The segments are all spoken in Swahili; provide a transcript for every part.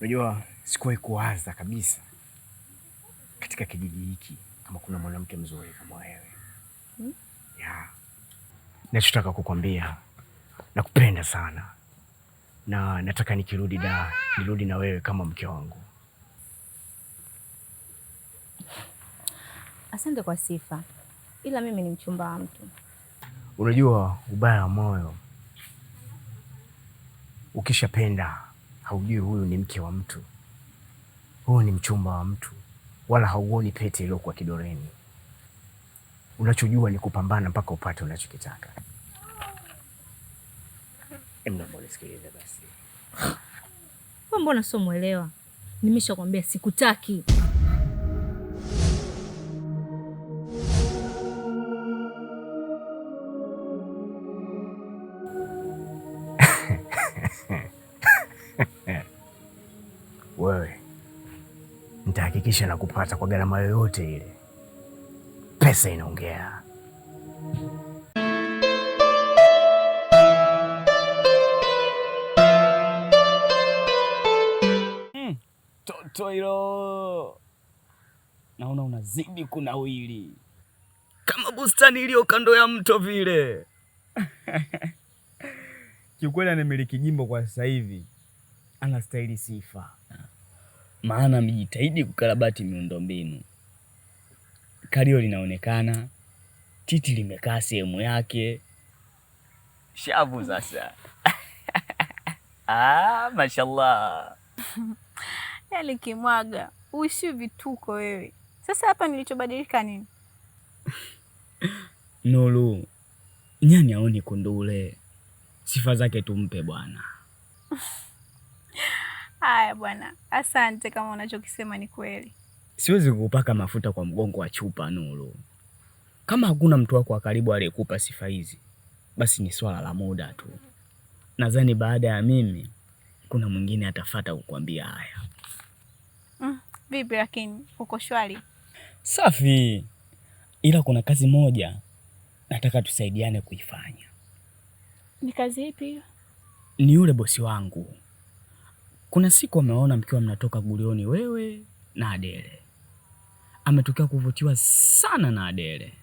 Unajua, sikuwahi kuwaza kabisa katika kijiji hiki kama kuna mwanamke mzuri kama wewe hmm? Yeah. Nachotaka kukwambia nakupenda sana na nataka nikirudi da nirudi na wewe kama mke wangu. Asante kwa sifa, ila mimi ni mchumba wa mtu. Unajua ubaya wa moyo ukishapenda haujui huyu ni mke wa mtu, huyu ni mchumba wa mtu, wala hauoni pete iliyokuwa kidoreni Unachojua ni kupambana mpaka upate unachokitaka. Nisikilize basi. Mbona sio mwelewa? Nimeshakwambia sikutaki. kisha nakupata kwa gharama yoyote ile. Pesa inaongea. Hmm, toto hilo naona unazidi kunawili kama bustani iliyo kando ya mto vile. Kiukweli anamiliki jimbo kwa sasa hivi, staili sifa maana mjitahidi kukarabati miundombinu. kario linaonekana, titi limekaa sehemu yake, shavu sasa. Ah, mashallah yale yaani kimwaga uishi vituko wewe. Sasa hapa nilichobadilika nini? Nuru nyani aoni kundule, sifa zake tumpe bwana. Haya bwana, asante. Kama unachokisema ni kweli, siwezi kupaka mafuta kwa mgongo wa chupa Nuru. Kama hakuna mtu wako wa karibu aliyekupa sifa hizi, basi ni swala la muda tu. Nadhani baada ya mimi kuna mwingine atafata kukwambia haya. Mm, vipi lakini uko shwari? Safi, ila kuna kazi moja nataka tusaidiane kuifanya. Ni kazi ipi? Ni yule bosi wangu kuna siku ameona mkiwa mnatoka gulioni, wewe na Adele. Ametokea kuvutiwa sana na Adele.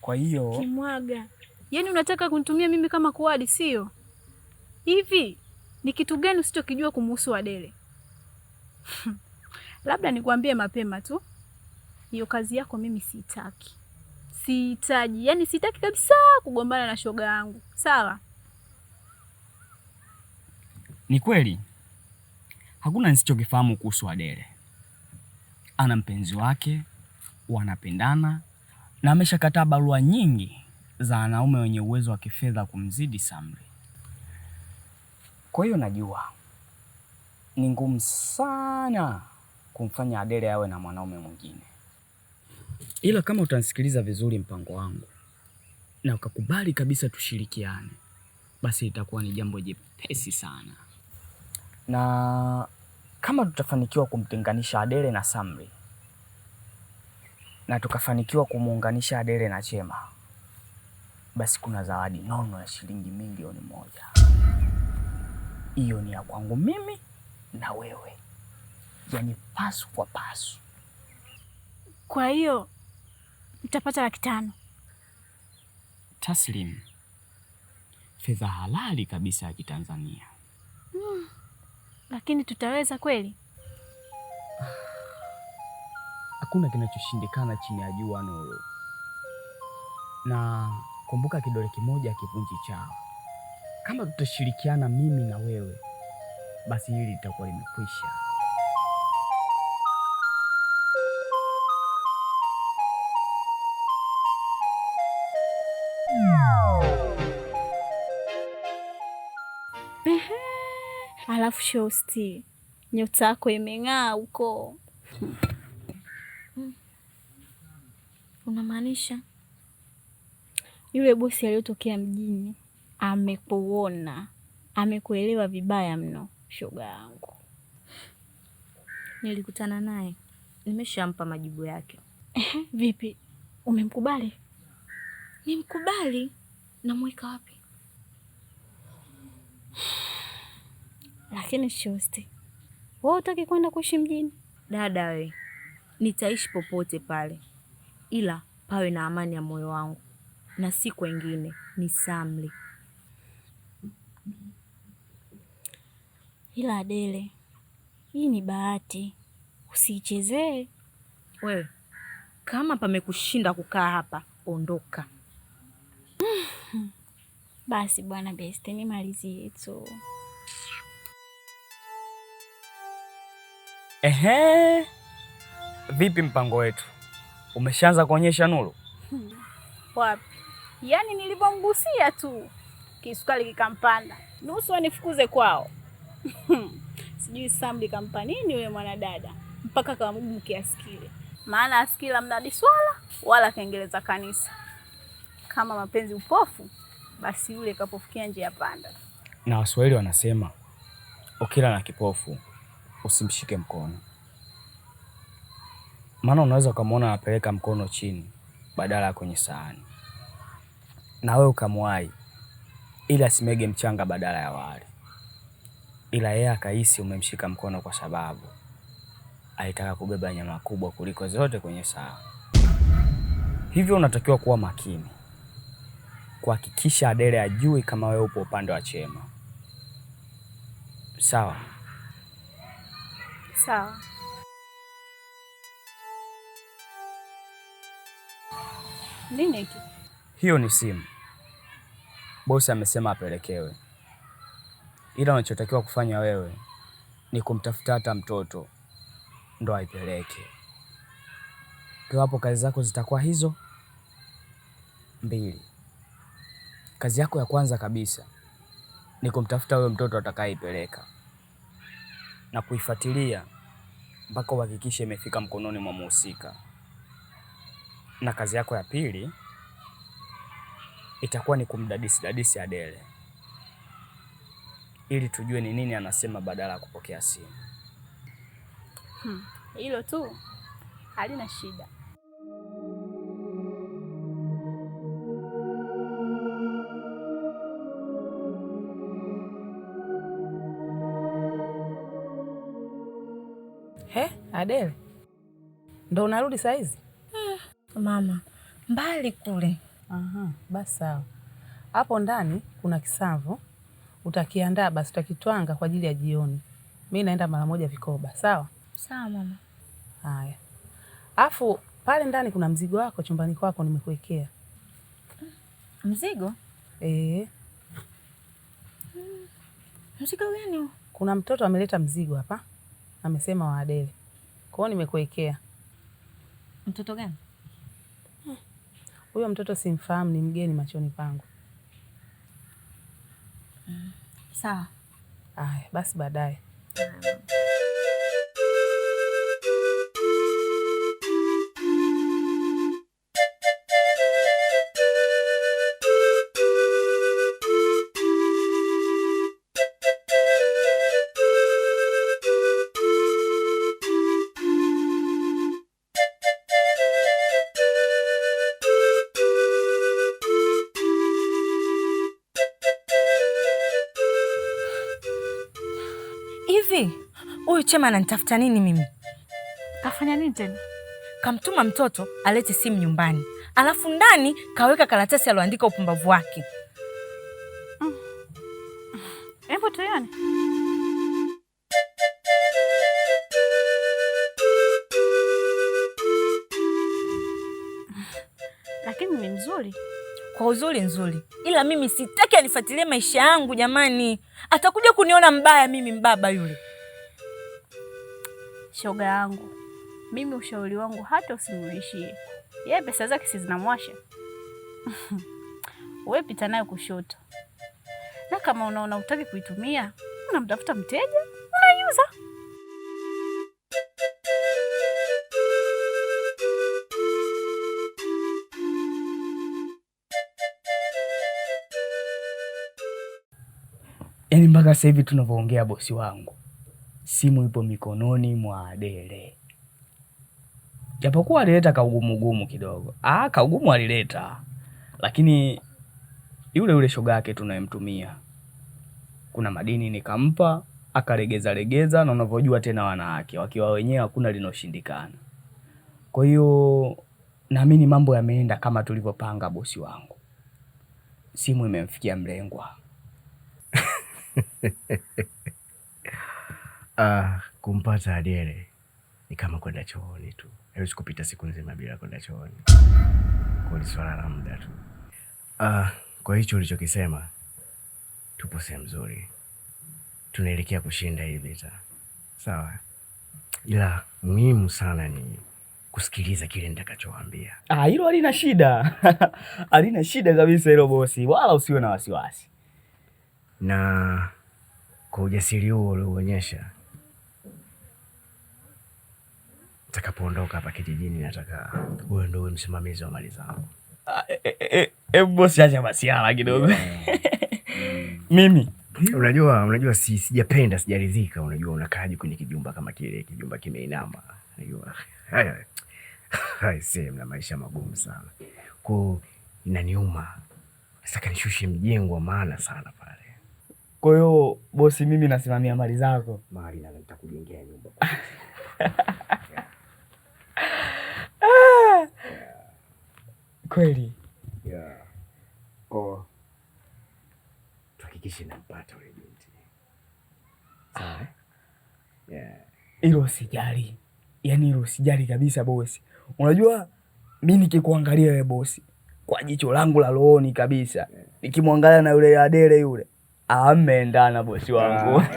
Kwa hiyo Kimwaga, yaani unataka kunitumia mimi kama kuadi, sio hivi? Ni kitu gani usichokijua kumuhusu Adele? Labda nikwambie mapema tu, hiyo kazi yako mimi siitaki, sihitaji, yaani sitaki kabisa kugombana na shoga yangu. Sawa, ni kweli Hakuna nisichokifahamu kuhusu Adele. Ana mpenzi wake, wanapendana na ameshakataa barua nyingi za wanaume wenye uwezo wa kifedha kumzidi Samri. Kwa hiyo najua ni ngumu sana kumfanya Adele awe na mwanaume mwingine, ila kama utanisikiliza vizuri mpango wangu na ukakubali kabisa tushirikiane, basi itakuwa ni jambo jepesi sana na kama tutafanikiwa kumtenganisha Adele na Samri na tukafanikiwa kumuunganisha Adele na Chema, basi kuna zawadi nono ya shilingi milioni moja. Hiyo ni ya kwangu mimi na wewe, yaani pasu kwa pasu. Kwa hiyo mtapata laki tano taslim, fedha halali kabisa ya Kitanzania. Lakini tutaweza kweli? Hakuna kinachoshindikana chini ya jua Nuru, na kumbuka, kidole kimoja kivunji chao Kama tutashirikiana mimi na wewe, basi hili litakuwa limekwisha. alafu shosti, nyota yako imeng'aa huko. Unamaanisha yule bosi aliyotokea mjini amekuona, amekuelewa vibaya mno, shoga yangu. Nilikutana naye, nimeshampa majibu yake. vipi, umemkubali? Nimkubali? namweka wapi? Lakini shosti, wewe utaki kwenda kuishi mjini? Dada we, nitaishi popote pale, ila pawe na amani ya moyo wangu na si kwengine. Ni Samli. Ila Adele, hii ni bahati, usiichezee wewe. Kama pamekushinda kukaa hapa, ondoka. Basi bwana beste, nimalizie tu. Ehe, vipi mpango wetu? Umeshaanza kuonyesha nuru? Hmm. Wapi? Yaani nilipomgusia tu kisukari kikampanda, nusu anifukuze kwao. Hmm. Sijui sambi kampanini yule mwanadada mpaka kawa mgumu kiasi kile, maana asikila mnadi swala wala kaingereza kanisa. Kama mapenzi upofu, basi yule kapofikia njia panda, na Waswahili wanasema ukila na kipofu usimshike mkono, maana unaweza ukamwona anapeleka mkono chini badala ya kwenye sahani, na wewe ukamwahi ili asimege mchanga badala ya wali, ila yeye akahisi umemshika mkono kwa sababu alitaka kubeba nyama kubwa kuliko zote kwenye sahani. Hivyo unatakiwa kuwa makini kuhakikisha Adele ajui kama wewe upo upande wa Chema, sawa? Sawa. Nini hiki? Hiyo ni simu. Bosi amesema apelekewe, ila unachotakiwa kufanya wewe ni kumtafuta hata mtoto ndo aipeleke. Kiwapo kazi zako zitakuwa hizo mbili. Kazi yako ya kwanza kabisa ni kumtafuta huyo mtoto atakayeipeleka na kuifuatilia mpaka uhakikishe imefika mkononi mwa muhusika. Na kazi yako ya pili itakuwa ni kumdadisi dadisi Adele ili tujue ni nini anasema badala ya kupokea simu. Hmm, hilo hmm, tu halina shida. He, eh, Adele ndo unarudi saizi? eh? Ah, mama mbali kule. Aha, basi sawa. Hapo ndani kuna kisamvu utakiandaa, basi utakitwanga kwa ajili ya jioni. Mi naenda mara moja vikoba. Sawa sawa mama. Haya, afu pale ndani kuna mzigo wako chumbani kwako, nimekuwekea mzigo. E, mzigo gani? Kuna mtoto ameleta mzigo hapa amesema wa Adele. Kwao nimekuwekea. Mtoto gani huyo? Mtoto simfahamu, ni mgeni machoni pangu. Mm. Sawa. Aya, basi baadaye. Hivi huyu Chema ananitafuta nini mimi? Kafanya nini tena? Kamtuma mtoto alete simu nyumbani, alafu ndani kaweka karatasi aloandika upumbavu wake. kwa uzuri nzuri, ila mimi sitaki anifuatilie maisha yangu. Jamani, atakuja kuniona mbaya mimi mbaba yule. Shoga yangu mimi, ushauri wangu hata usimuishie yeye, pesa zake si zinamwasha. Wewe pita nayo kushoto, na kama unaona utaki kuitumia, unamtafuta mteja yaani mpaka sasa hivi tunavyoongea, bosi wangu, simu ipo mikononi mwa Adele, japokuwa alileta kaugumugumu kidogo. Ah, kaugumu alileta, lakini yule yule shoga yake tunayemtumia kuna madini nikampa, akaregeza regeza, na unavyojua tena wanawake wakiwa wenyewe hakuna linoshindikana. Kwa hiyo naamini mambo yameenda kama tulivyopanga, bosi wangu. Simu imemfikia mlengwa. Ah, kumpata Adele ni kama kwenda chooni tu, Hawezi kupita siku nzima bila kwenda chooni, kwa ni swala la muda tu. Ah, kwa hicho ulichokisema, tupo sehemu nzuri, tunaelekea kushinda hii vita, sawa, ila muhimu sana ni kusikiliza kile nitakachowaambia. Ah, hilo halina shida halina shida kabisa hilo bosi, wala usiwe na wasiwasi na kwa ujasiri huo ulioonyesha, takapoondoka hapa kijijini, nataka wewe ndio msimamizi wa mali zangu. Ah, eh, eh, eh, hebu bosi, acha masiala kidogo. Mimi unajua, unajua si sijapenda, sijaridhika. Unajua unakaaje kwenye kijumba kama kile, kijumba kimeinama. Unajua haya haya, sehemu na maisha magumu sana, kwa inaniuma. Nataka nishushe mjengo wa maana sana kwa hiyo bosi, mimi nasimamia mali zako. Mali na nitakujengea nyumba. Kweli? Yeah. Oh. Tuhakikishe nampata yule binti. Sawa? Eh? Yeah. Hilo sijali. Yaani hilo sijali kabisa bosi. Unajua mimi nikikuangalia wewe bosi kwa jicho langu la rohoni kabisa. Yeah. Nikimwangalia na yule Adele yule ameendana bosi wangu.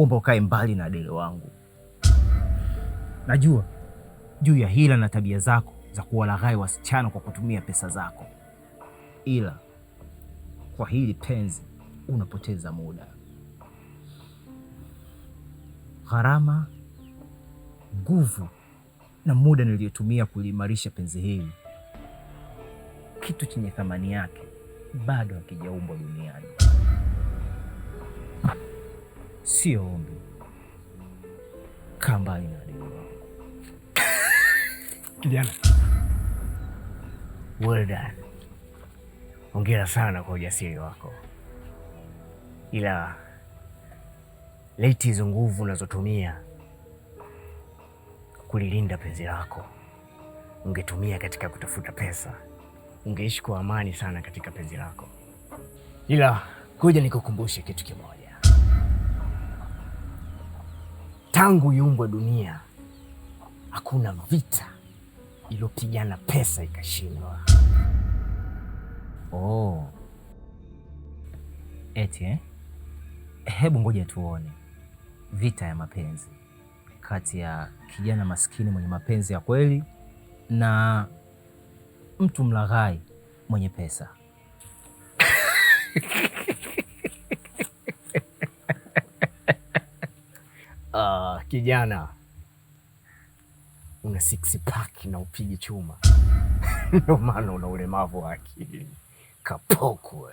kuomba ukae mbali na Adele wangu. Najua juu ya hila na tabia zako za kuwalaghai wasichana kwa kutumia pesa zako, ila kwa hili penzi unapoteza muda, gharama, nguvu na muda niliyotumia kuliimarisha penzi hili, kitu chenye thamani yake bado hakijaumbwa duniani sio ombi. Kamba ina deni wangu kijana. Well done. Hongera sana kwa ujasiri wako, ila leti hizo nguvu unazotumia kulilinda penzi lako ungetumia katika kutafuta pesa, ungeishi kwa amani sana katika penzi lako. Ila kuja nikukumbushe kitu kimoja. tangu iumbwe dunia hakuna vita iliyopigana pesa ikashindwa. Oh. Eti eh? Hebu ngoja tuone vita ya mapenzi kati ya kijana maskini mwenye mapenzi ya kweli na mtu mlaghai mwenye pesa. Uh, kijana una six pack na upigi chuma ndio maana una ulemavu wa akili kapoko.